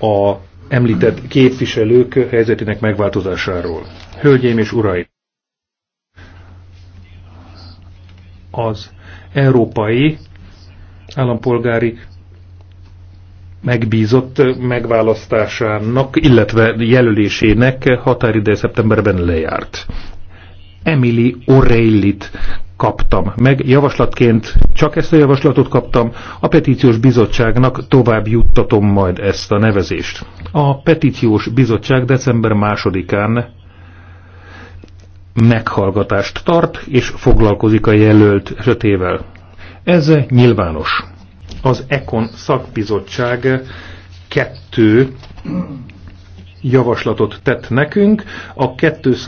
a említett képviselők helyzetének megváltozásáról. Hölgyeim és uraim! Az európai állampolgári megbízott megválasztásának, illetve jelölésének határideje szeptemberben lejárt. Emily O'Reillyt kaptam meg javaslatként csak ezt a javaslatot kaptam, a petíciós bizottságnak tovább juttatom majd ezt a nevezést. A petíciós bizottság december másodikán meghallgatást tart, és foglalkozik a jelölt esetével. Ez nyilvános. Az ECON szakbizottság kettő javaslatot tett nekünk, a 200